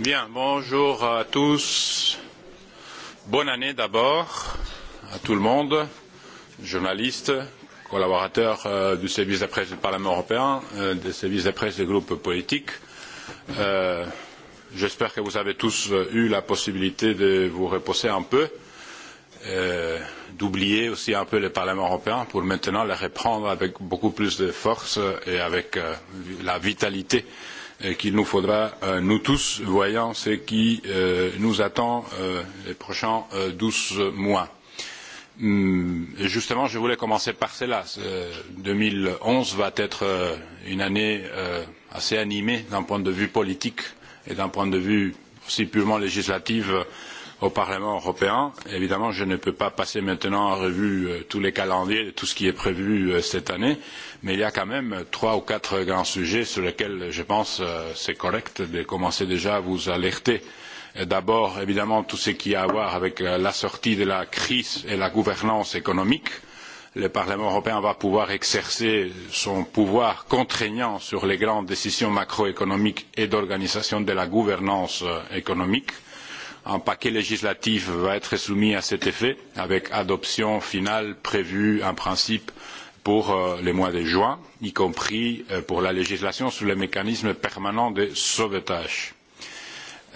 Bien, bonjour à tous. Bonne année d'abord à tout le monde, journalistes, collaborateurs du service de presse du Parlement européen, du service de presse des groupes politiques. J'espère que vous avez tous eu la possibilité de vous reposer un peu, d'oublier aussi un peu le Parlement européen pour maintenant le reprendre avec beaucoup plus de force et avec la vitalité euh, qu'il nous faudra, nous tous, voyant ce qui nous attend les prochains douze mois. Justement, je voulais commencer par cela. deux mille onze va être une année assez animée d'un point de vue politique et d'un point de vue aussi purement législatif euh, au Parlement européen. Évidemment, je ne peux pas passer maintenant en revue tous les calendriers, tout ce qui est prévu cette année, mais il y a quand même trois ou quatre grands sujets sur lesquels je pense que c'est correct de commencer déjà à vous alerter. D'abord, évidemment, tout ce qui a à voir avec la sortie de la crise et la gouvernance économique. Le Parlement européen va pouvoir exercer son pouvoir contraignant sur les grandes décisions macroéconomiques et d'organisation de la gouvernance économique. Un paquet législatif va être soumis à cet effet, avec adoption finale prévue en principe pour le mois de juin, y compris pour la législation sur les mécanismes permanents de sauvetage.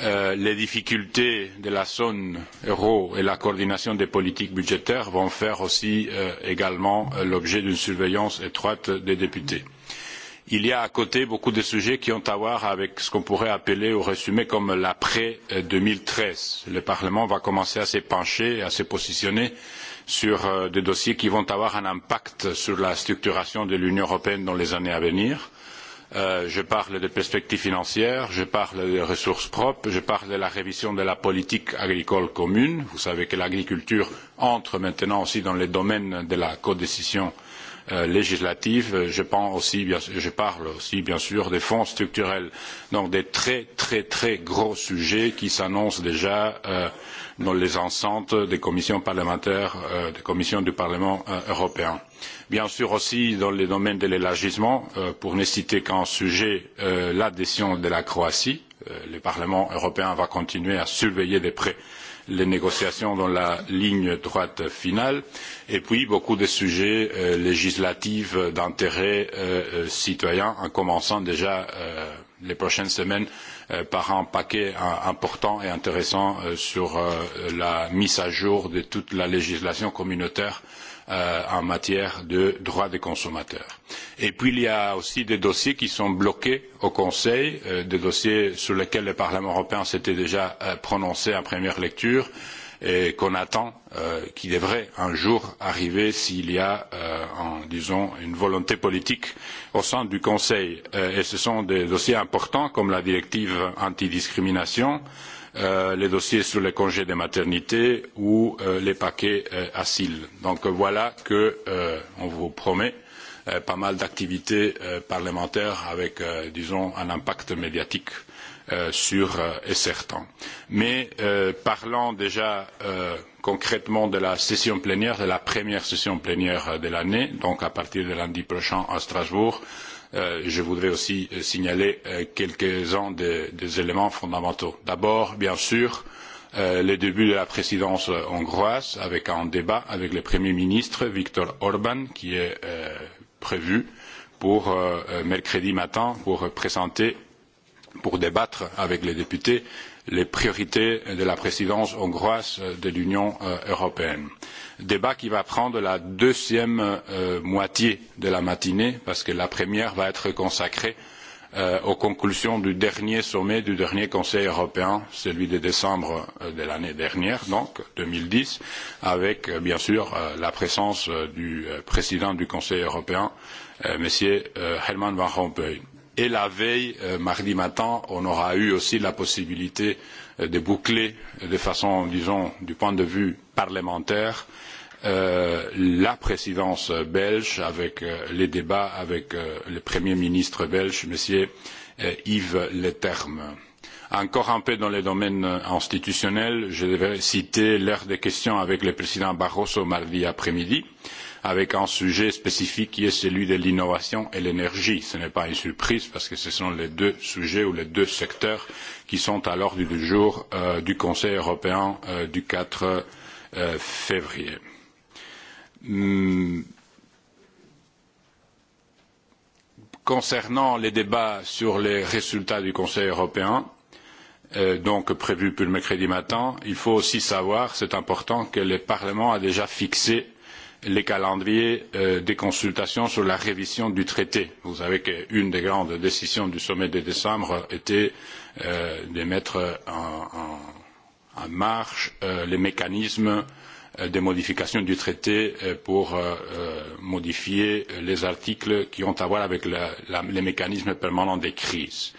les difficultés de la zone euro et la coordination des politiques budgétaires vont faire aussi également l'objet d'une surveillance étroite des députés il y a à côté beaucoup de sujets qui ont à voir avec ce qu'on pourrait appeler ou résumer comme l'après deux mille treize. Le Parlement va commencer à se pencher, à se positionner sur des dossiers qui vont avoir un impact sur la structuration de l'Union européenne dans les années à venir. je parle des perspectives financières, je parle des ressources propres, je parle de la révision de la politique agricole commune. Vous savez que l'agriculture entre maintenant aussi dans le domaine de la codécision euh, législative. Je, pense aussi, bien, je parle aussi, bien sûr, des fonds structurels. Donc des très, très, très gros sujets qui s'annoncent déjà dans les enceintes des commissions parlementaires, des commissions du Parlement européen. Bien sûr aussi dans le domaine de l'élargissement, pour ne citer qu'un sujet, l'adhésion de la Croatie. le Parlement européen va continuer à surveiller de près les négociations dans la ligne droite finale, et puis beaucoup de sujets législatifs d'intérêt citoyen, en commençant déjà les prochaines semaines par un paquet important et intéressant sur la mise à jour de toute la législation communautaire euh, en matière de droits des consommateurs. Et puis il y a aussi des dossiers qui sont bloqués au Conseil, des dossiers sur lesquels le Parlement européen s'était déjà prononcé en première lecture et qu'on attend, qui devrait un jour arriver s'il y a, disons, une volonté politique au sein du Conseil. et ce sont des dossiers importants comme la directive antidiscrimination, euh, les dossiers sur les congés de maternité ou les paquets asile. Donc voilà que on vous promet pas mal d'activités parlementaires avec, disons, un impact médiatique sûr et certain. Mais parlant déjà concrètement de la session plénière, de la première session plénière de l'année, donc à partir de lundi prochain à Strasbourg, euh, je voudrais aussi signaler quelques-uns des, éléments fondamentaux. D'abord, bien sûr, le début de la présidence hongroise avec un débat avec le Premier ministre Viktor Orban qui est prévu pour mercredi matin pour présenter pour débattre avec les députés les priorités de la présidence hongroise de l'Union européenne. Débat qui va prendre la deuxième moitié de la matinée, parce que la première va être consacrée aux conclusions du dernier sommet du dernier Conseil européen, celui de décembre de l'année dernière, donc deux mille dix, avec bien sûr la présence du président du Conseil européen, M. Herman Van Rompuy Et la veille, mardi matin, on aura eu aussi la possibilité de boucler de façon, disons, du point de vue parlementaire, la présidence belge avec les débats avec le Premier ministre belge, M. Yves Leterme. Encore un peu dans le domaine institutionnel, je devrais citer l'heure des questions avec le président Barroso mardi après-midi. Euh, avec un sujet spécifique qui est celui de l'innovation et l'énergie. Ce n'est pas une surprise parce que ce sont les deux sujets ou les deux secteurs qui sont à l'ordre du jour du Conseil européen du quatre février. Concernant les débats sur les résultats du Conseil européen, donc prévu pour le mercredi matin, il faut aussi savoir, c'est important, que le Parlement a déjà fixé les calendriers des consultations sur la révision du traité. Vous savez qu'une des grandes décisions du sommet de décembre était de mettre en, marche les mécanismes des modifications du traité pour modifier les articles qui ont à voir avec les mécanismes permanents des crises. Euh,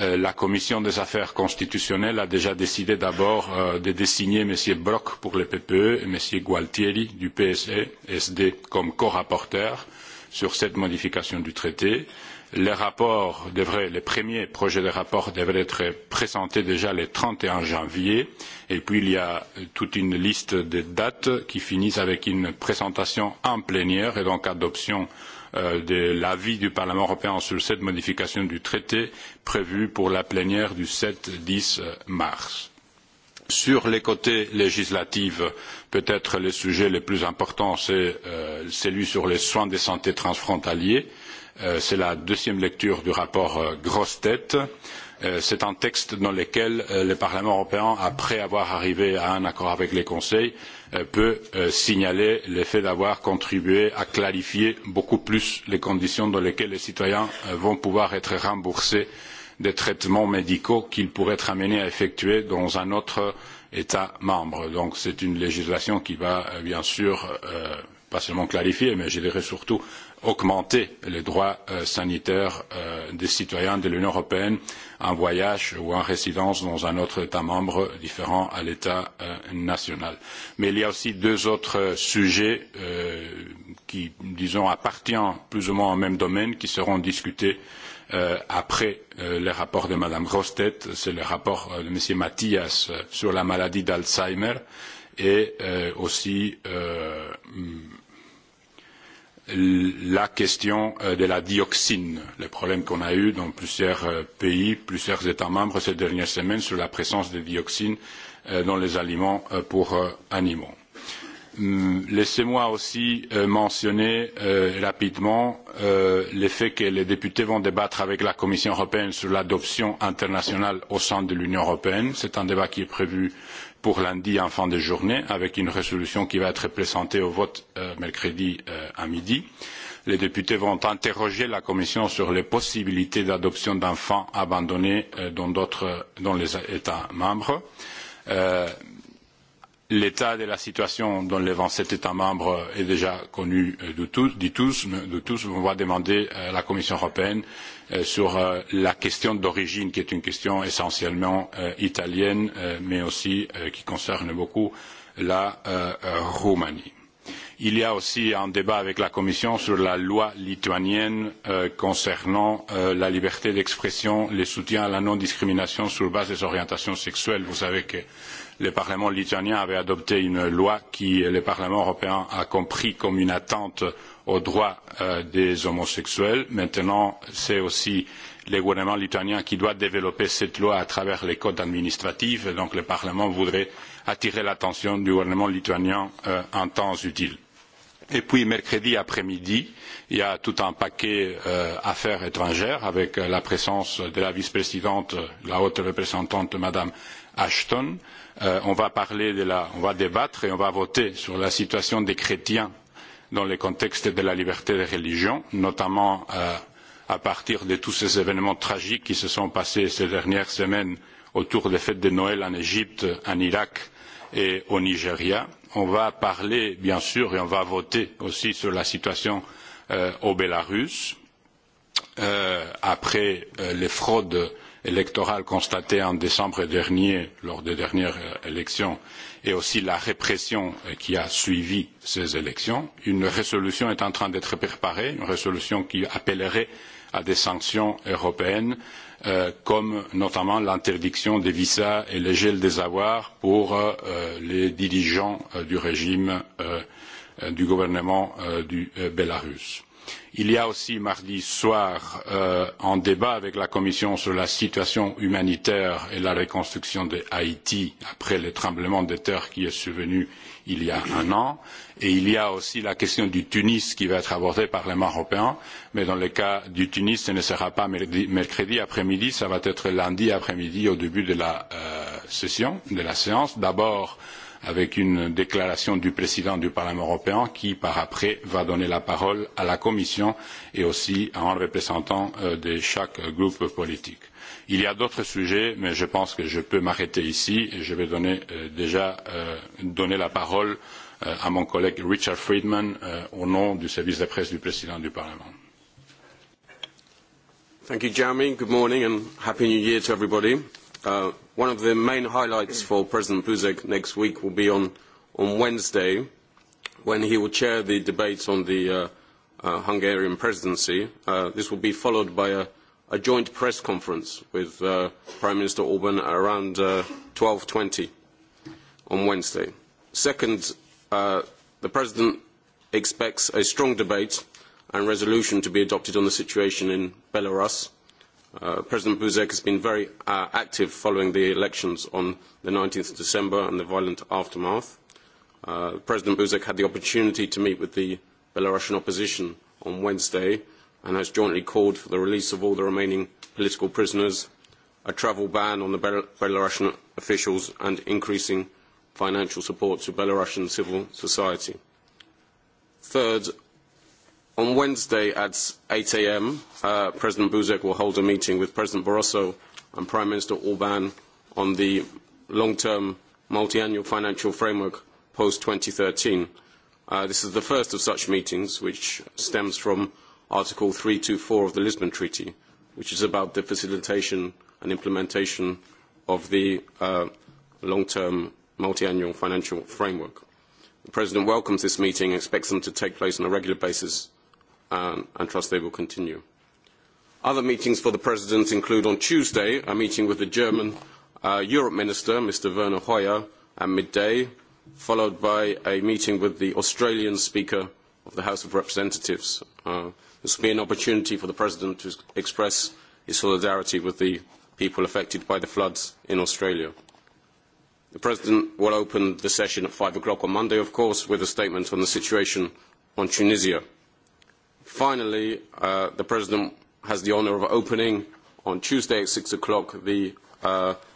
la commission des affaires constitutionnelles a déjà décidé d'abord de désigner M. Brok pour le PPE et M. Gualtieri du PSE SD comme corapporteurs sur cette modification du traité. Le rapports devraient, les premier projet de rapport devrait être présenté déjà le trente et un janvier. Et puis il y a toute une liste de dates qui finissent avec une présentation en plénière et donc adoption euh, de l'avis du Parlement européen sur cette modification du traité prévue pour la plénière du sept dix mars. Sur les côtés législatifs, peut-être le sujet le plus important, c'est celui sur les soins de santé transfrontaliers. c'est la deuxième lecture du rapport Grosse Tête c'est un texte dans lequel le Parlement européen, après avoir arrivé à un accord avec le Conseil, peut signaler le fait d'avoir contribué à clarifier beaucoup plus les conditions dans lesquelles les citoyens vont pouvoir être remboursés des traitements médicaux qu'ils pourraient être amenés à effectuer dans un autre État membre. Donc c'est une législation qui va bien sûr pas seulement clarifier, mais je dirais surtout augmenter les droits sanitaires des citoyens de l'Union européenne en voyage ou en résidence dans un autre État membre différent à l'État national. Mais il y a aussi deux autres sujets qui, disons, appartiennent plus ou moins au même domaine, qui seront discutés après le rapport de Mme Grostet. C'est le rapport de M. Mathias sur la maladie d'Alzheimer et aussi la question de la dioxine, le problème qu'on a eu dans plusieurs pays, plusieurs États membres ces dernières semaines sur la présence de dioxine dans les aliments pour animaux. Laissez-moi aussi mentionner rapidement le fait que les députés vont débattre avec la Commission européenne sur l'adoption internationale au sein de l'Union européenne. C'est un débat qui est prévu pour lundi en fin de journée, avec une résolution qui va être présentée au vote mercredi à midi. Les députés vont interroger la Commission sur les possibilités d'adoption d'enfants abandonnés dans, les États membres L'état de la situation dans les vingt sept États membres est déjà connu de tous, de tous. On va demander à la Commission européenne sur la question d'origine, qui est une question essentiellement italienne, mais aussi qui concerne beaucoup la Roumanie. Il y a aussi un débat avec la Commission sur la loi lituanienne concernant la liberté d'expression, le soutien à la non-discrimination sur base des orientations sexuelles. Vous savez que le Parlement lituanien avait adopté une loi qui le Parlement européen a compris comme une attente aux droits des homosexuels. Maintenant, c'est aussi le gouvernement lituanien qui doit développer cette loi à travers les codes administratifs. et Donc le Parlement voudrait attirer l'attention du gouvernement lituanien en temps utile. Et puis mercredi après-midi, il y a tout un paquet affaires étrangères avec la présence de la vice-présidente, la haute représentante, Madame Ashton. Euh, on va parler de la, on va débattre et on va voter sur la situation des chrétiens dans le contexte de la liberté de religion, notamment à partir de tous ces événements tragiques qui se sont passés ces dernières semaines autour des fêtes de Noël en Égypte, en Irak et au Nigeria. On va parler, bien sûr, et on va voter aussi sur la situation au Bélarus après les fraudes euh, électorale constatée en décembre dernier lors des dernières élections et aussi la répression qui a suivi ces élections. Une résolution est en train d'être préparée, une résolution qui appellerait à des sanctions européennes, comme notamment l'interdiction des visas et le gel des avoirs pour les dirigeants du régime du gouvernement du Bélarus Il y a aussi mardi soir un débat avec la Commission sur la situation humanitaire et la reconstruction de Haïti après le tremblement de terre qui est survenu il y a un an. Et il y a aussi la question du Tunis qui va être abordée par le Parlement européen. Mais dans le cas du Tunis, ce ne sera pas mercredi après-midi, ça va être lundi après-midi au début de la session, de la séance. D'abord, avec une déclaration du président du Parlement européen qui, par après, va donner la parole à la Commission et aussi à un représentant de chaque groupe politique. Il y a d'autres sujets, mais je pense que je peux m'arrêter ici et je vais déjà donner la parole à mon collègue Richard Friedman au nom du service de presse du président du Parlement. Thank you, Jeremy. Good morning and Happy New Year to everybody one of the main highlights for President Buzek next week will be on, Wednesday when he will chair the debate on the Hungarian presidency. this will be followed by a, joint press conference with Prime Minister Orban around twelve twenty on Wednesday. Second, the President expects a strong debate and resolution to be adopted on the situation in Belarus President Buzek has been very active following the elections on the 19 of December and the violent aftermath. President Buzek had the opportunity to meet with the Belarusian opposition on Wednesday and has jointly called for the release of all the remaining political prisoners, a travel ban on the Belarusian officials and increasing financial support to Belarusian civil society. Third, On Wednesday at 8 a.m., President Buzek will hold a meeting with President Barroso and Prime Minister Orban on the long-term multiannual financial framework post thirteen. This is the first of such meetings, which stems from Article three hundred and four of the Lisbon Treaty, which is about the facilitation and implementation of the long-term multiannual financial framework. The President welcomes this meeting and expects them to take place on a regular basis and trust they will continue. Other meetings for the President include on Tuesday a meeting with the German uh, Europe Minister, Mr. Werner Hoyer, at midday, followed by a meeting with the Australian Speaker of the House of Representatives. Uh, this will be an opportunity for the President to express his solidarity with the people affected by the floods in Australia. The President will open the session at five o'clock on Monday, of course, with a statement on the situation on Tunisia. Finally, the President has the honour of opening on Tuesday at six o'clock the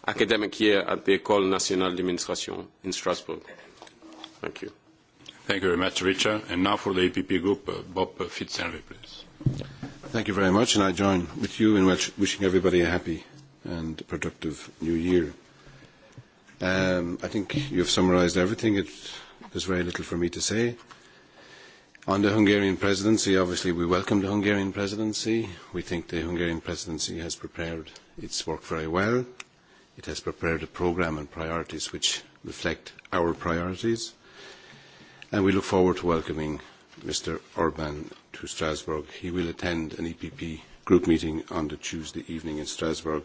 academic year at the École Nationale d'Administration in Strasbourg. Thank you. Thank you very much, Richard. And now for the EPP group, Bob Fitzgerald, please. Thank you very much, and I join with you in wishing everybody a happy and productive new year. I think you have summarised everything. It, there's very little for me to say. On the Hungarian presidency, obviously we welcome the Hungarian presidency. We think the Hungarian presidency has prepared its work very well. It has prepared a programme and priorities which reflect our priorities. And we look forward to welcoming Mr. Orban to Strasbourg. He will attend an EPP group meeting on the Tuesday evening in Strasbourg,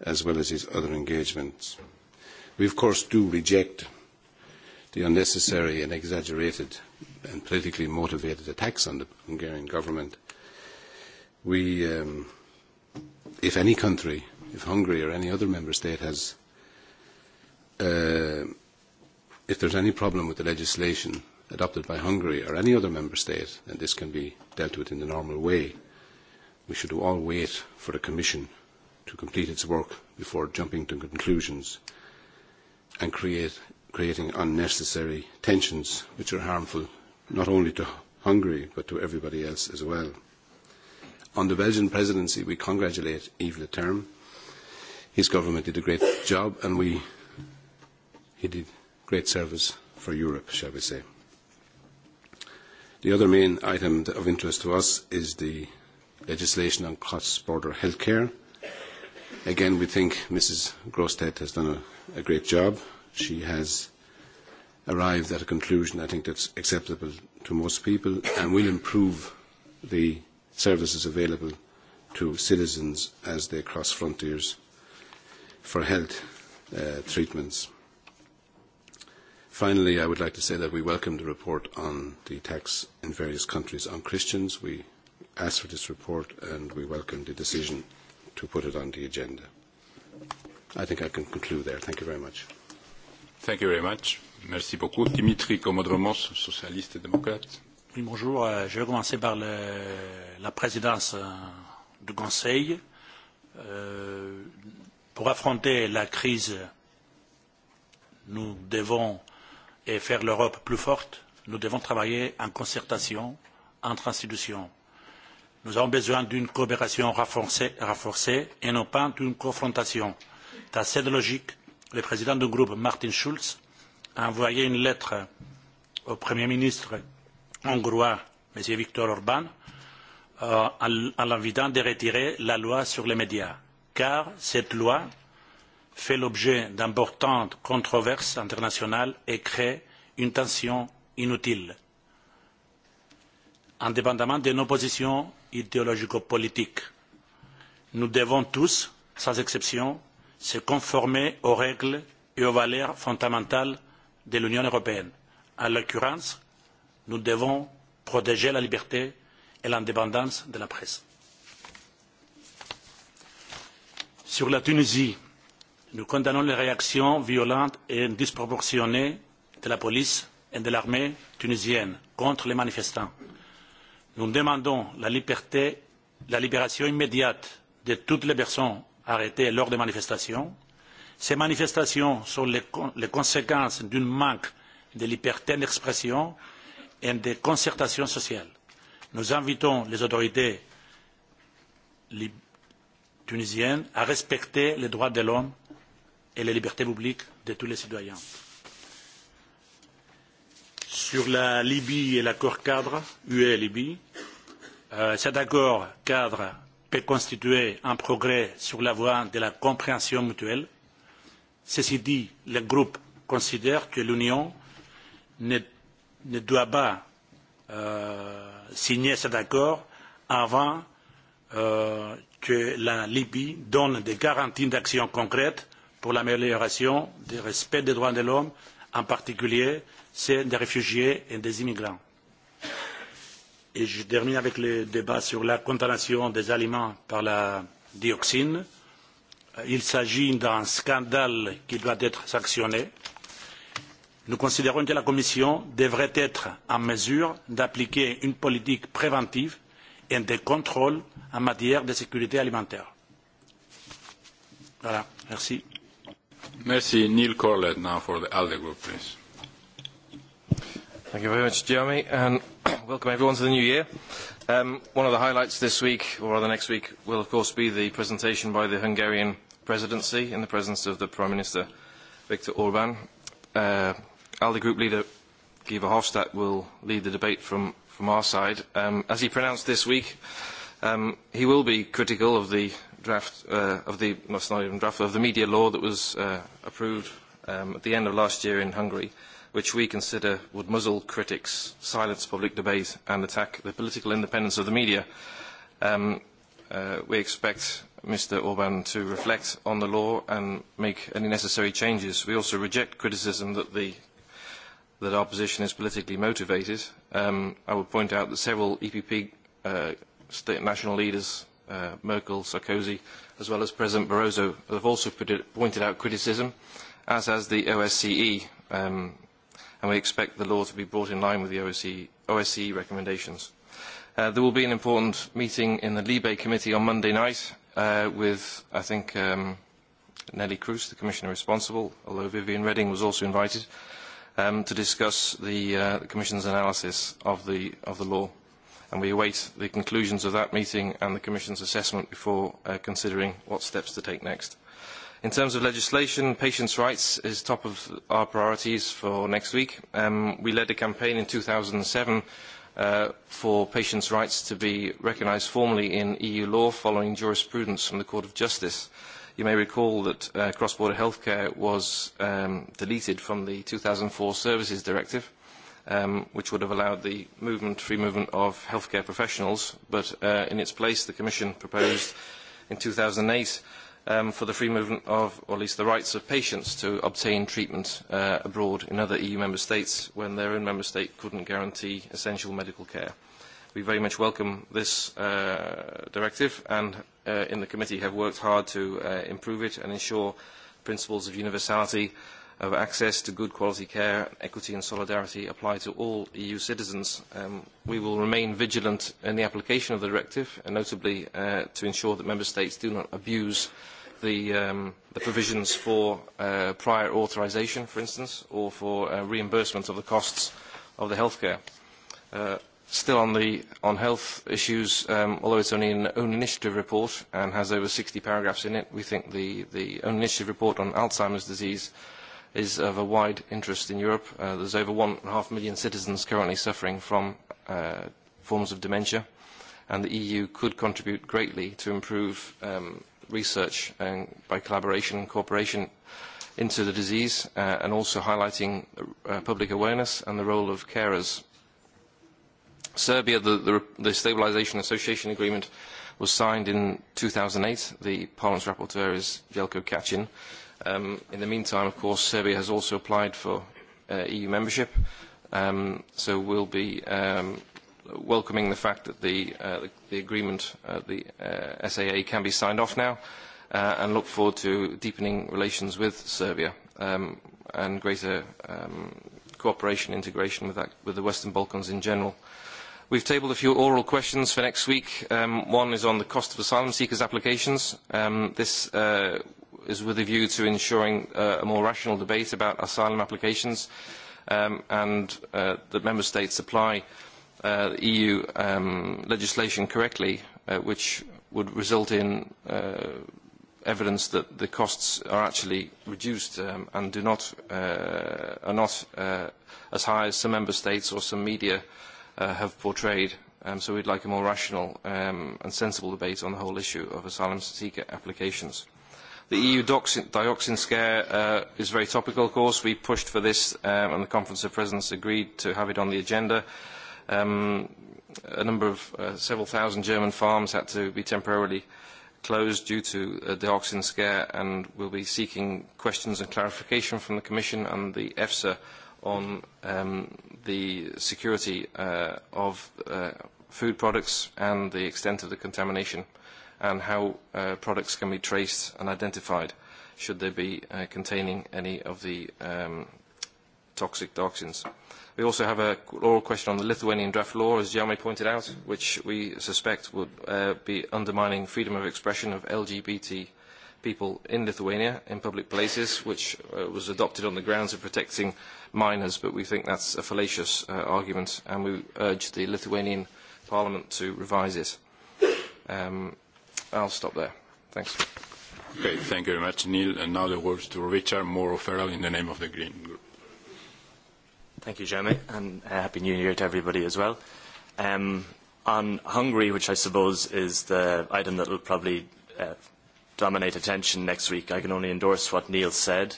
as well as his other engagements. We, of course, do reject the unnecessary and exaggerated and politically motivated attacks on the Hungarian government. We, um, if any country, if Hungary or any other member state has, uh, if there's any problem with the legislation adopted by Hungary or any other member state, and this can be dealt with in the normal way, we should all wait for the Commission to complete its work before jumping to conclusions and create creating unnecessary tensions which are harmful not only to Hungary but to everybody else as well. On the Belgian presidency, we congratulate Yves Leterme. His government did a great job and we, he did great service for Europe, shall we say. The other main item of interest to us is the legislation on cross-border health care. Again, we think Mrs. Grosstedt has done a, a great job she has arrived at a conclusion I think that's acceptable to most people and will improve the services available to citizens as they cross frontiers for health treatments. Finally, I would like to say that we welcome the report on the tax in various countries on Christians. We asked for this report and we welcome the decision to put it on the agenda. I think I can conclude there. Thank you very much. Thank you very much. Merci beaucoup. Dimitri Komodromos, socialiste et démocrate. Oui, bonjour. Je vais commencer par le, la présidence du Conseil. Euh, pour affronter la crise, nous devons et faire l'Europe plus forte, nous devons travailler en concertation entre institutions. Nous avons besoin d'une coopération renforcée, et non pas d'une confrontation. Dans cette logique, le président du groupe, Martin Schulz, a envoyé une lettre au Premier ministre hongrois, M. Viktor Orban, en l'invitant de retirer la loi sur les médias, car cette loi fait l'objet d'importantes controverses internationales et crée une tension inutile. Indépendamment de nos positions idéologico-politiques, nous devons tous, sans exception, se conformer aux règles et aux valeurs fondamentales de l'Union européenne. En l'occurrence, nous devons protéger la liberté et l'indépendance de la presse. Sur la Tunisie, nous condamnons les réactions violentes et disproportionnées de la police et de l'armée tunisienne contre les manifestants. Nous demandons la libération immédiate de toutes les personnes arrêtés lors des manifestations. Ces manifestations sont les, conséquences d'un manque de liberté d'expression et de concertation sociale. Nous invitons les autorités tunisiennes à respecter les droits de l'homme et les libertés publiques de tous les citoyens. Sur la Libye et l'accord cadre UE-Libye, cet accord cadre peut constituer un progrès sur la voie de la compréhension mutuelle. Ceci dit, le groupe considère que l'Union ne, doit pas signer cet accord avant que la Libye donne des garanties d'action concrètes pour l'amélioration du respect des droits de l'homme, en particulier ceux des réfugiés et des immigrants Et je termine avec le débat sur la contamination des aliments par la dioxine. Il s'agit d'un scandale qui doit être sanctionné. Nous considérons que la Commission devrait être en mesure d'appliquer une politique préventive et de contrôle en matière de sécurité alimentaire. Voilà, merci. Merci. Neil Corlett now for the ALDE group, please. Thank you very much, Jeremy. And Welcome everyone to the new year. Um, one of the highlights this week, or rather next week, will of course be the presentation by the Hungarian presidency in the presence of the Prime Minister Viktor Orban. Uh, ALDE Group leader Guy Verhofstadt will lead the debate from, from our side. Um, as he pronounced this week, um, he will be critical of the draft uh, of the not even draft of the media law that was uh, approved um, at the end of last year in Hungary which we consider would muzzle critics, silence public debate and attack the political independence of the media. we expect Mr Orban to reflect on the law and make any necessary changes. We also reject criticism that the that our position is politically motivated. Um, I would point out that several EPP uh, state national leaders, uh, Merkel, Sarkozy, as well as President Barroso, have also pointed out criticism, as has the OSCE, um, and we expect the law to be brought in line with the OSCE recommendations. there will be an important meeting in the Libe Committee on Monday night with, I think, Nelly Cruz, the Commissioner responsible, although Vivian Redding was also invited, to discuss the, Commission's analysis of the, law. And we await the conclusions of that meeting and the Commission's assessment before considering what steps to take next. In terms of legislation, patients' rights is top of our priorities for next week. we led a campaign in two 2007 seven for patients' rights to be recognised formally in EU law following jurisprudence from the Court of Justice. You may recall that cross-border healthcare was deleted from the two thousand four Services Directive, which would have allowed the movement, free movement of healthcare professionals, but in its place the Commission proposed in two 2008 eight for the free movement of, or at least the rights of patients to obtain treatment abroad in other EU member states when their own member state couldn't guarantee essential medical care. We very much welcome this directive and in the committee have worked hard to improve it and ensure principles of universality of access to good quality care, equity and solidarity apply to all EU citizens. we will remain vigilant in the application of the directive, and notably to ensure that Member States do not abuse the, provisions for prior authorisation, for instance, or for reimbursement of the costs of the healthcare. still on, the, on health issues, although it's only an own initiative report and has over sixty paragraphs in it, we think the, the own initiative report on Alzheimer's disease is of a wide interest in Europe. Uh, there's over one and a half million citizens currently suffering from uh, forms of dementia, and the EU could contribute greatly to improve um, research and by collaboration and cooperation into the disease, uh, and also highlighting uh, public awareness and the role of carers. Serbia, the, the, the Stabilization Association Agreement was signed in 2008. The Parliament's rapporteur is Jelko Kacin. Um, in the meantime, of course, Serbia has also applied for uh, EU membership, um, so we'll be um, welcoming the fact that the, uh, the, the agreement, uh, the uh, SAA, can be signed off now uh, and look forward to deepening relations with Serbia um, and greater um, cooperation, integration with, that, with the Western Balkans in general. We have tabled a few oral questions for next week. one is on the cost of asylum seekers' applications. this is with a view to ensuring a more rational debate about asylum applications and that member states apply EU legislation correctly, which would result in evidence that the costs are actually reduced and do not, are not as high as some member states or some media uh, uh, have portrayed. Um, so we'd like a more rational um, and sensible debate on the whole issue of asylum seeker applications. The EU dioxin, dioxin scare uh, is very topical, of course. We pushed for this, um, and the Conference of Presidents agreed to have it on the agenda. Um, a number of uh, several thousand German farms had to be temporarily closed due to the dioxin scare, and we'll be seeking questions and clarification from the Commission and the EFSA on um, the security uh, of uh, food products and the extent of the contamination and how uh, products can be traced and identified should they be uh, containing any of the um, toxic toxins. We also have a oral question on the Lithuanian draft law, as Jaume pointed out, which we suspect would uh, be undermining freedom of expression of LGBT people in Lithuania in public places, which was adopted on the grounds of protecting minors, but we think that's a fallacious uh argument, and we urge the Lithuanian Parliament to revise it. Um, I'll stop there. Thanks. Okay, thank you very much, Neil. And now the words to Richard Moore O'Farrell in the name of the Green Group. Thank you, Jeremy, and uh, Happy New Year to everybody as well. Um, on Hungary, which I suppose is the item that will probably uh, dominate attention next week. I can only endorse what Neil said.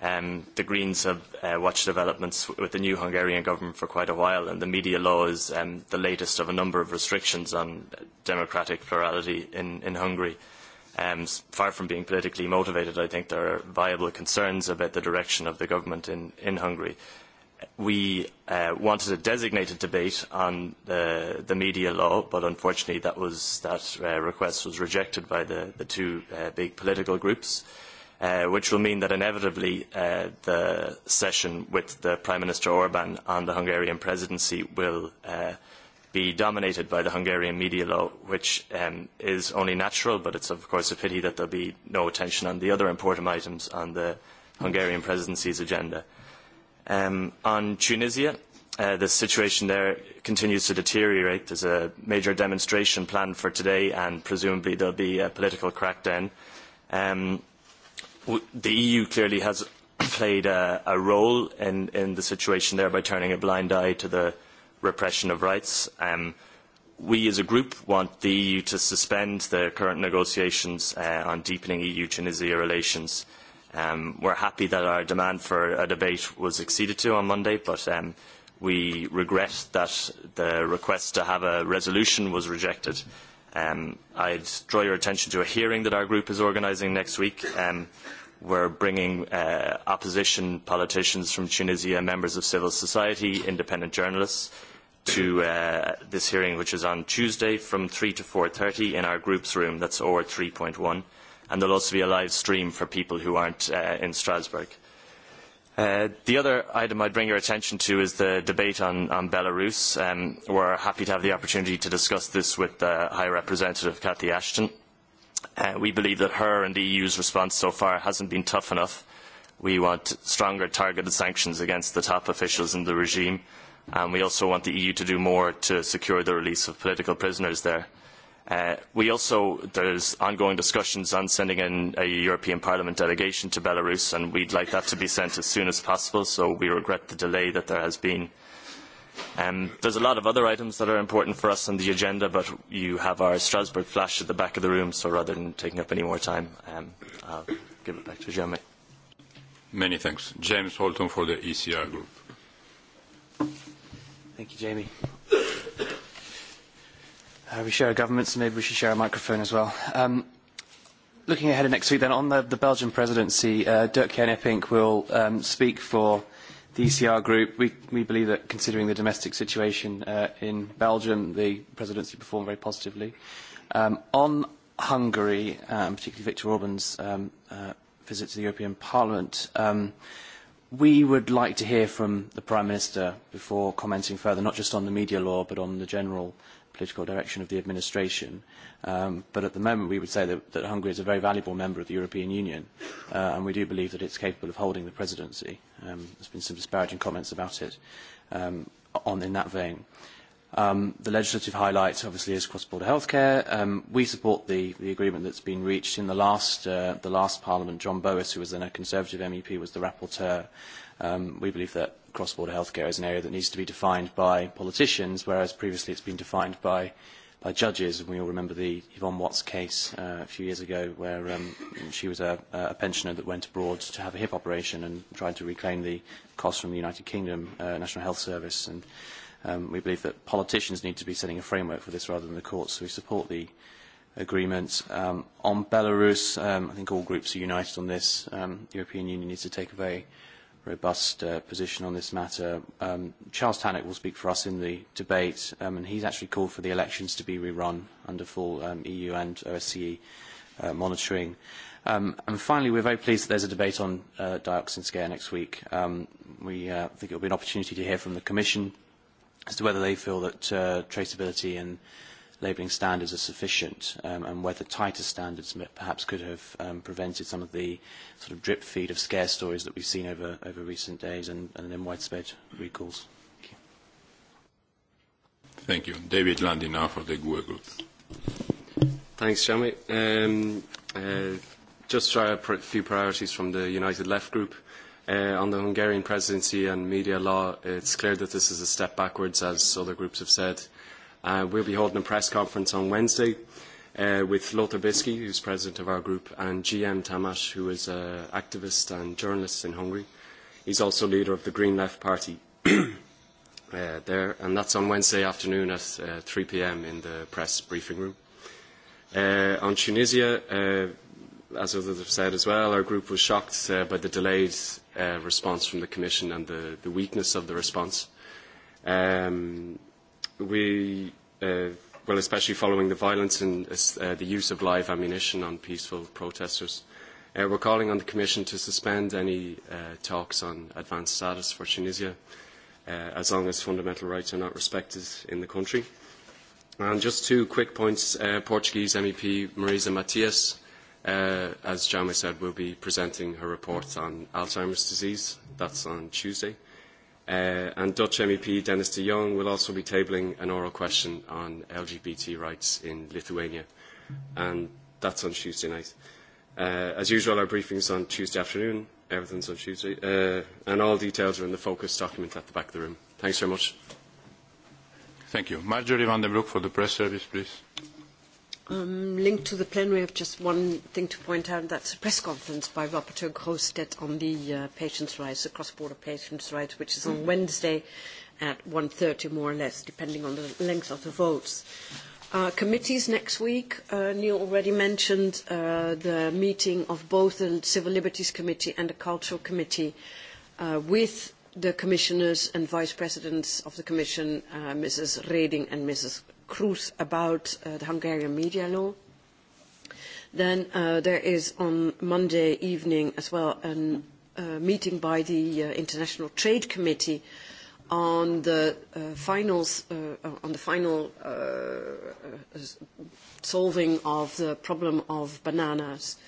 Um, the Greens have uh, watched developments with the new Hungarian government for quite a while, and the media law is um, the latest of a number of restrictions on democratic plurality in, in Hungary. Um, far from being politically motivated, I think there are viable concerns about the direction of the government in, in Hungary we uh, wanted a designated debate on the, the media law, but unfortunately that, was, that uh, request was rejected by the, the two uh, big political groups, uh, which will mean that inevitably uh, the session with the Prime Minister Orban on the Hungarian presidency will uh, be dominated by the Hungarian media law, which um, is only natural, but it's of course a pity that there'll be no attention on the other important items on the Hungarian presidency's agenda on Tunisia, the situation there continues to deteriorate. There is a major demonstration planned for today, and presumably there will be a political crackdown. the EU clearly has played a, role in, the situation there by turning a blind eye to the repression of rights. we as a group want the EU to suspend the current negotiations on deepening EU-Tunisia relations Um, we're happy that our demand for a debate was acceded to on Monday, but um, we regret that the request to have a resolution was rejected. Um, I'd draw your attention to a hearing that our group is organising next week. Um, we're bringing uh, opposition politicians from Tunisia, members of civil society, independent journalists to uh, this hearing, which is on Tuesday from 3 to 4.30 in our group's room. That's OR 3.1 and there will also be a live stream for people who aren't uh, in Strasbourg. the other item I'd bring your attention to is the debate on, on Belarus. Um, we're happy to have the opportunity to discuss this with uh, High Representative Cathy Ashton. we believe that her and the EU's response so far hasn't been tough enough. We want stronger targeted sanctions against the top officials in the regime, and we also want the EU to do more to secure the release of political prisoners there we also, there's ongoing discussions on sending in a European Parliament delegation to Belarus, and we'd like that to be sent as soon as possible, so we regret the delay that there has been. Um, there's a lot of other items that are important for us on the agenda, but you have our Strasbourg flash at the back of the room, so rather than taking up any more time, um, I'll give it back to Jeremy. Many thanks. James Holton for the ECR group. Thank you, Jamie Uh, we share a government, so maybe we should share a microphone as well. Um, looking ahead of next week, then, on the, the Belgian presidency, uh, Dirk Jan Epink will um, speak for the ECR group. We, we believe that considering the domestic situation uh, in Belgium, the presidency performed very positively. Um, on Hungary, um, particularly Viktor Orban's um, uh, visit to the European Parliament, um, we would like to hear from the Prime Minister before commenting further, not just on the media law, but on the general political direction of the administration. Um, but at the moment, we would say that, that Hungary is a very valuable member of the European Union, uh, and we do believe that it's capable of holding the presidency. Um, there's been some disparaging comments about it um, on in that vein. Um, the legislative highlight, obviously, is cross-border healthcare. Um, we support the, the agreement that's been reached in the last, uh, the last Parliament. John Boas, who was then a Conservative MEP, was the rapporteur. Um, we believe that cross-border healthcare is an area that needs to be defined by politicians, whereas previously it's been defined by, by judges. And we all remember the Yvonne Watts case uh, a few years ago where um, she was a, a pensioner that went abroad to have a hip operation and tried to reclaim the cost from the United Kingdom uh, National Health Service. And um, we believe that politicians need to be setting a framework for this rather than the courts. So we support the agreement. Um, on Belarus, um, I think all groups are united on this. Um, the European Union needs to take a very robust uh, position on this matter. Um, Charles Tannock will speak for us in the debate, um, and he's actually called for the elections to be rerun under full um, EU and OSCE uh, monitoring. Um, and finally, we're very pleased that there's a debate on uh, dioxin scare next week. Um, we uh, think it will be an opportunity to hear from the Commission as to whether they feel that uh, traceability and uh, labelling standards are sufficient um, and whether tighter standards perhaps could have um, prevented some of the sort of drip feed of scare stories that we've seen over, over recent days and, and then widespread recalls. Thank you. David Landy now for the Google Group. Thanks, Jamie. Um, uh, just try a few priorities from the United Left Group. Uh, on the Hungarian presidency and media law, it's clear that this is a step backwards, as other groups have said Uh, we'll be holding a press conference on Wednesday uh, with Lothar Bisky, who's president of our group, and GM Tamash, who is an activist and journalist in Hungary. He's also leader of the Green Left Party uh, there, and that's on Wednesday afternoon at uh, 3 p.m. in the press briefing room. Uh, on Tunisia, uh, as others have said as well, our group was shocked uh, by the delayed uh, response from the Commission and the, the weakness of the response. Um, we, uh, well, especially following the violence and uh, the use of live ammunition on peaceful protesters, uh, we're calling on the Commission to suspend any uh, talks on advanced status for Tunisia uh, as long as fundamental rights are not respected in the country. And just two quick points. Uh, Portuguese MEP Marisa Matias, uh, as Jamie said, will be presenting her report on Alzheimer's disease. That's on Tuesday and Dutch MEP Dennis de Jong will also be tabling an oral question on LGBT rights in Lithuania, and that's on Tuesday night. Uh, as usual, our briefing's on Tuesday afternoon. Everything's on Tuesday, Uh, and all details are in the focus document at the back of the room. Thanks very much. Thank you. Marjorie van den Broek for the press service, please linked to the plenary, I have just one thing to point out. That's a press conference by Rapporteur Grosstedt on the patients' rights, the cross-border patients' rights, which is on Wednesday at one thirty more or less, depending on the length of the votes. committees next week, Neil already mentioned the meeting of both the Civil Liberties Committee and the Cultural Committee with the commissioners and vice presidents of the Commission, Mrs. Reding and Mrs. Kroes about the Hungarian media law. Then there is on Monday evening as well a meeting by the International Trade Committee on the finals on the final solving of the problem of bananas uh,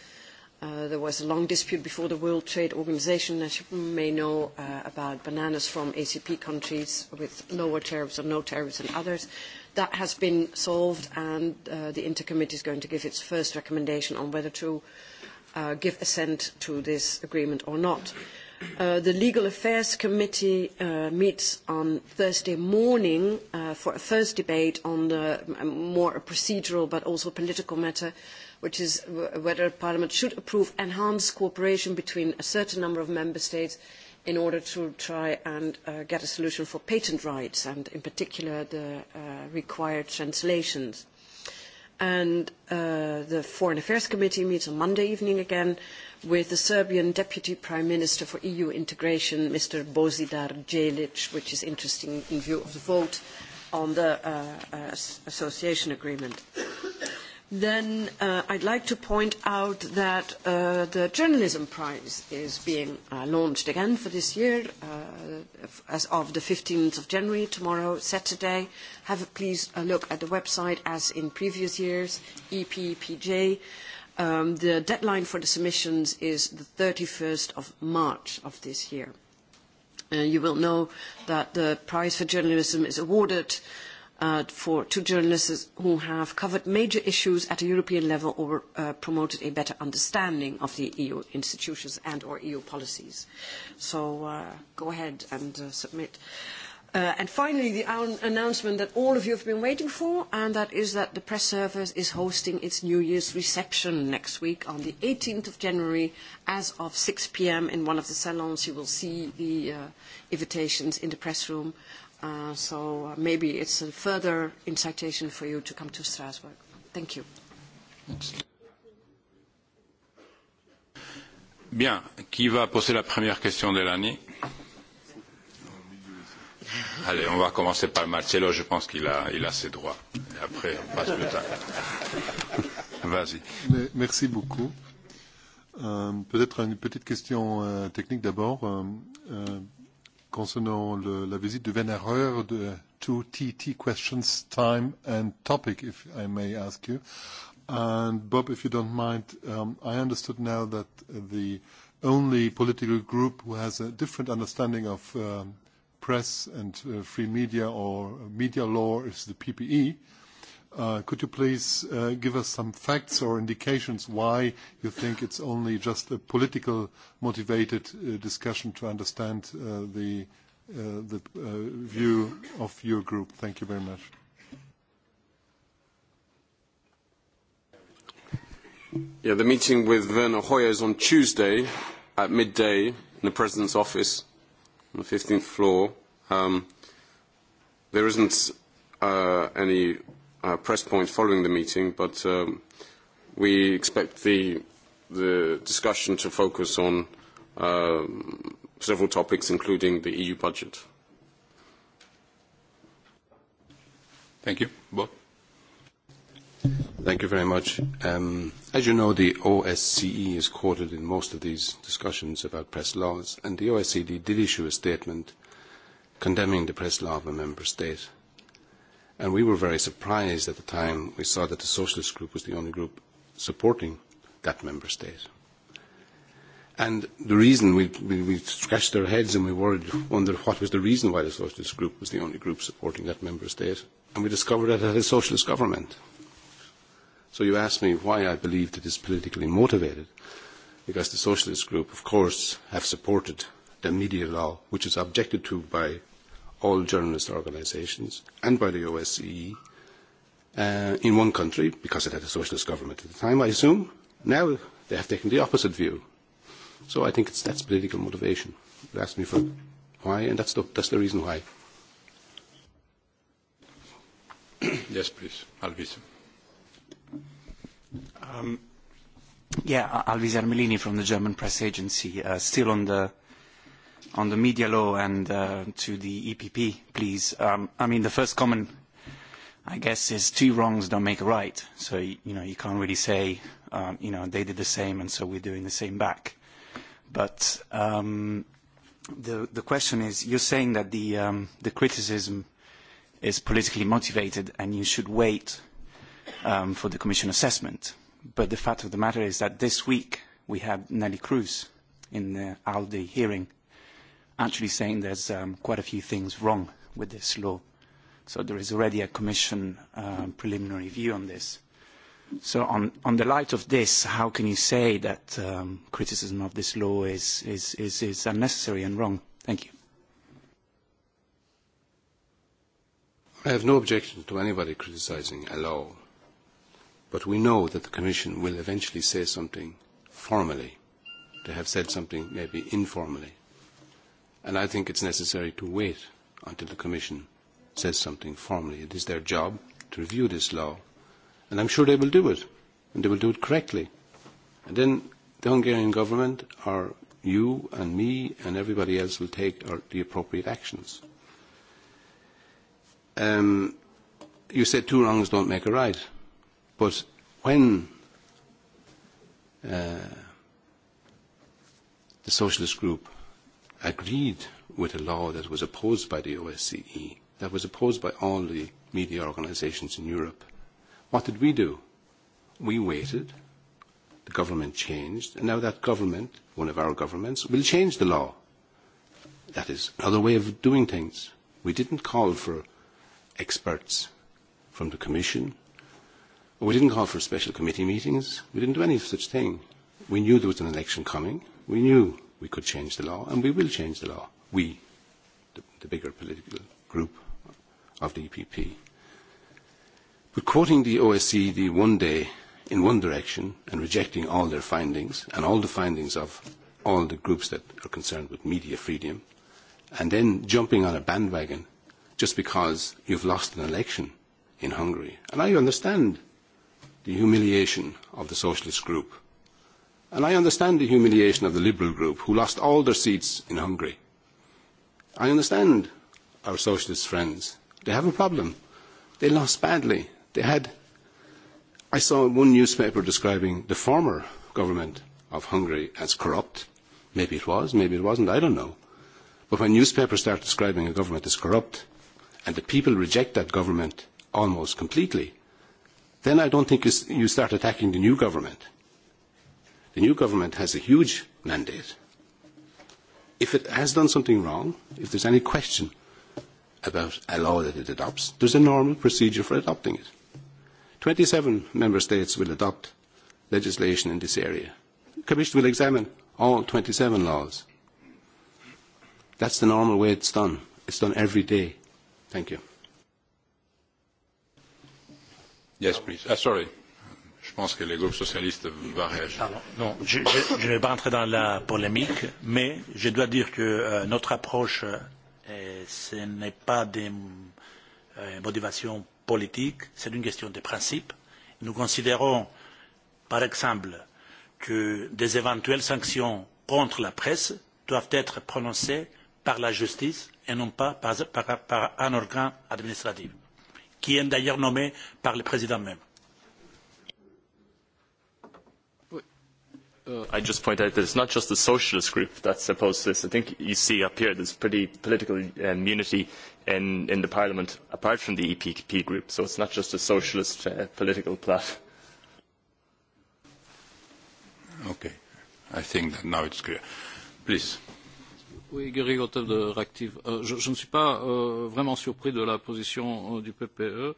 there was a long dispute before the World Trade Organization, as you may know, about bananas from ACP countries with lower tariffs or no tariffs than others. That has been solved, and the Intercommittee is going to give its first recommendation on whether to give assent to this agreement or not. the Legal Affairs Committee meets on Thursday morning for a first debate on the more a procedural but also political matter uh, which is whether Parliament should approve enhanced cooperation between a certain number of member states in order to try and get a solution for patent rights and in particular the required translations. And the Foreign Affairs Committee meets on Monday evening again with the Serbian Deputy Prime Minister for EU Integration, Mr. Bozidar Jelic, which is interesting in view of the vote on the association agreement then uh, I'd like to point out that uh, the Journalism Prize is being uh, launched again for this year uh, as of the 15th of January, tomorrow, Saturday. Have a please a look at the website as in previous years, EPPJ. Um, the deadline for the submissions is the 31st of March of this year. Uh, you will know that the Prize for Journalism is awarded uh, for, to journalists who have covered major issues at a European level or promoted a better understanding of the EU institutions and or EU policies. So go ahead and submit. and finally, the announcement that all of you have been waiting for, and that is that the press service is hosting its New Year's reception next week on the 18th of January as of 6 p.m. in one of the salons. You will see the invitations in the press room so maybe it's a further incitation for you to come to Strasbourg. Thank you. Bien. Qui va poser la première question de l'année Allez, on va commencer par Marcelo. Je pense qu'il a, il a ses droits. Et après, on passe plus tard. Vas-y. Merci beaucoup. Euh, Peut-être une petite question euh, technique d'abord. Euh, euh, concernant la visite de Vénéreur, the two TT questions, time and topic, if I may ask you. And Bob, if you don't mind, I understood now that the only political group who has a different understanding of press and free media or media law is the PPE Could you please give us some facts or indications why you think it's only just a political motivated discussion to understand the view of your group? Thank you very much. Yeah, the meeting with Werner Hoyer is on Tuesday at midday in the President's office on the 15th floor. There isn't any press point following the meeting, but we expect the discussion to focus on several topics, including the EU budget. Thank you. Bob? Thank you very much. As you know, the OSCE is quoted in most of these discussions about press laws, and the OSCE did issue a statement condemning the press law of a member state And we were very surprised at the time we saw that the Socialist group was the only group supporting that member state. And the reason we, we, we scratched our heads and we worried, wondered what was the reason why the Socialist group was the only group supporting that member state. And we discovered that it had a socialist government. So you asked me why I believed it is politically motivated. Because the Socialist group, of course, have supported the media law, which is objected to by all journalist organisations and by the OSCE uh, in one country, because it had a socialist government at the time, I assume. Now they have taken the opposite view. So I think it's, that's political motivation. You asked me for why, and that's the, that's the reason why. yes, please. Alvis. Um, yeah, Alvis Armelini from the German press agency. Uh, still on the on the media law and to the EPP, please. I mean, the first comment, I guess, is two wrongs don't make a right. So, you know, you can't really say, you know, they did the same and so we're doing the same back. But the, the question is, you're saying that the, the criticism is politically motivated and you should wait for the Commission assessment. But the fact of the matter is that this week we had Nelly Cruz in the ALDE hearing actually saying there's um, quite a few things wrong with this law. So there is already a Commission um, preliminary view on this. So on, on the light of this, how can you say that um, criticism of this law is, is, is, is unnecessary and wrong? Thank you. I have no objection to anybody criticising a law, but we know that the Commission will eventually say something formally. They have said something maybe informally. And I think it's necessary to wait until the Commission says something formally. It is their job to review this law, and I'm sure they will do it, and they will do it correctly. And then the Hungarian government, or you and me and everybody else, will take the appropriate actions. Um, you said two wrongs don't make a right, but when uh, the socialist group agreed with a law that was opposed by the OSCE, that was opposed by all the media organizations in Europe. What did we do? We waited. The government changed, and now that government, one of our governments, will change the law. That is another way of doing things. We didn't call for experts from the Commission. We didn't call for special committee meetings. We didn't do any such thing. We knew there was an election coming. We knew we could change the law, and we will change the law. We, the, the bigger political group of the EPP. But quoting the OSCE the one day in one direction and rejecting all their findings and all the findings of all the groups that are concerned with media freedom, and then jumping on a bandwagon just because you've lost an election in Hungary. And I understand the humiliation of the socialist group And I understand the humiliation of the Liberal group, who lost all their seats in Hungary. I understand our socialist friends. They have a problem. They lost badly. They had. I saw one newspaper describing the former government of Hungary as corrupt. Maybe it was, maybe it wasn't, I don't know. But when newspapers start describing a government as corrupt, and the people reject that government almost completely, then I don't think you, you start attacking the new government The new government has a huge mandate. If it has done something wrong, if there's any question about a law that it adopts, there's a normal procedure for adopting it. Twenty seven member states will adopt legislation in this area. The Commission will examine all twenty seven laws. That's the normal way it's done. It's done every day. Thank you. Yes, please. sorry pense que le groupe socialiste va réagir. Non, je ne vais pas entrer dans la polémique, mais je dois dire que notre approche, ce n'est pas des motivations politiques, c'est une question de principe. Nous considérons, par exemple, que des éventuelles sanctions contre la presse doivent être prononcées par la justice et non pas par, un organe administratif, qui est d'ailleurs nommé par le président même I just point out that it's not just the socialist group that's opposed to this. I think you see up here there's pretty political um, unity in, in the parliament apart from the EPP group, so it's not just a socialist uh, political plot. Okay, I think that now it's clear. Please. Oui, Gary Gotev de Reactive. Euh, je, je ne suis pas euh, vraiment surpris de la position euh, du PPE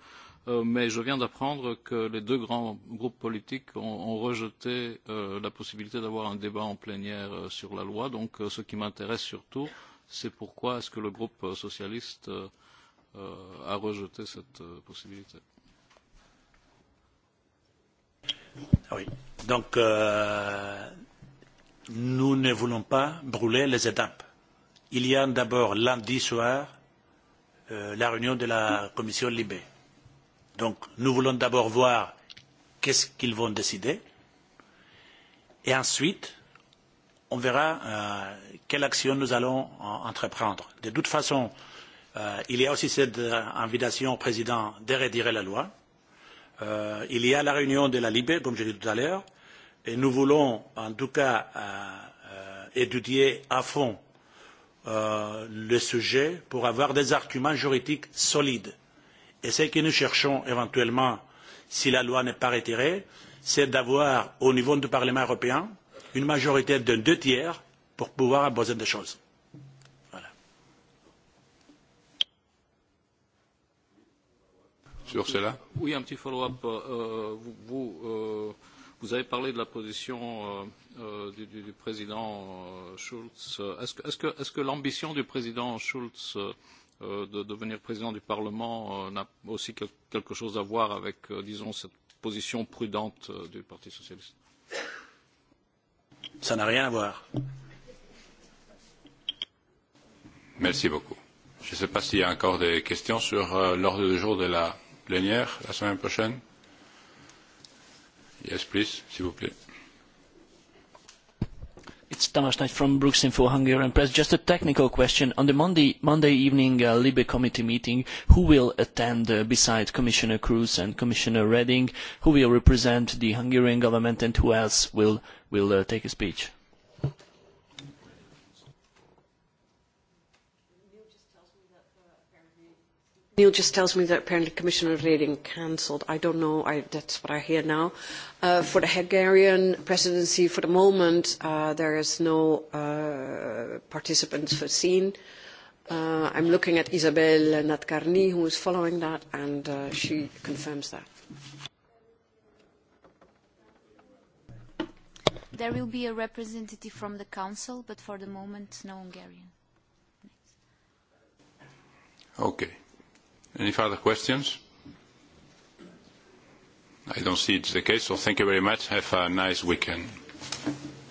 mais je viens d'apprendre que les deux grands groupes politiques ont, rejeté la possibilité d'avoir un débat en plénière sur la loi. Donc ce qui m'intéresse surtout, c'est pourquoi est-ce que le groupe socialiste a rejeté cette possibilité. Oui. Donc nous ne voulons pas brûler les étapes. Il y a d'abord lundi soir la réunion de la commission Libé Donc nous voulons d'abord voir qu'est-ce qu'ils vont décider et ensuite on verra quelle action nous allons entreprendre. De toute façon, il y a aussi cette invitation au président de retirer la loi. il y a la réunion de la Libé, comme je l'ai dit tout à l'heure, et nous voulons en tout cas étudier à fond le sujet pour avoir des arguments juridiques solides Et ce que nous cherchons éventuellement, si la loi n'est pas retirée, c'est d'avoir au niveau du Parlement européen une majorité de deux tiers pour pouvoir imposer des choses. Sur cela Oui, un petit follow-up. vous, vous avez parlé de la position du, du, président Schulz. Est-ce que, est que l'ambition du président Schulz de devenir président du Parlement n'a aussi quelque chose à voir avec, disons, cette position prudente du Parti socialiste. Ça n'a rien à voir. Merci beaucoup. Je ne sais pas s'il y a encore des questions sur l'ordre du jour de la plénière la semaine prochaine. Yes, please, s'il vous plaît. It's Tamas Nagy from Brooks for Hungarian Press. Just a technical question. On the Monday, Monday evening uh, Libe committee meeting, who will attend uh, besides Commissioner Kroes and Commissioner Reding? Who will represent the Hungarian government and who else will, will uh, take a speech? Neil just tells me that apparently Commissioner Reding cancelled. I don't know. I, that's what I hear now. Uh, for the Hungarian presidency, for the moment, uh, there is no uh, participants foreseen. Uh, I'm looking at Isabel Natkarni, who is following that, and uh, she confirms that. There will be a representative from the Council, but for the moment, no Hungarian. Okay. Any further questions? I don't see it's the case, so thank you very much. Have a nice weekend.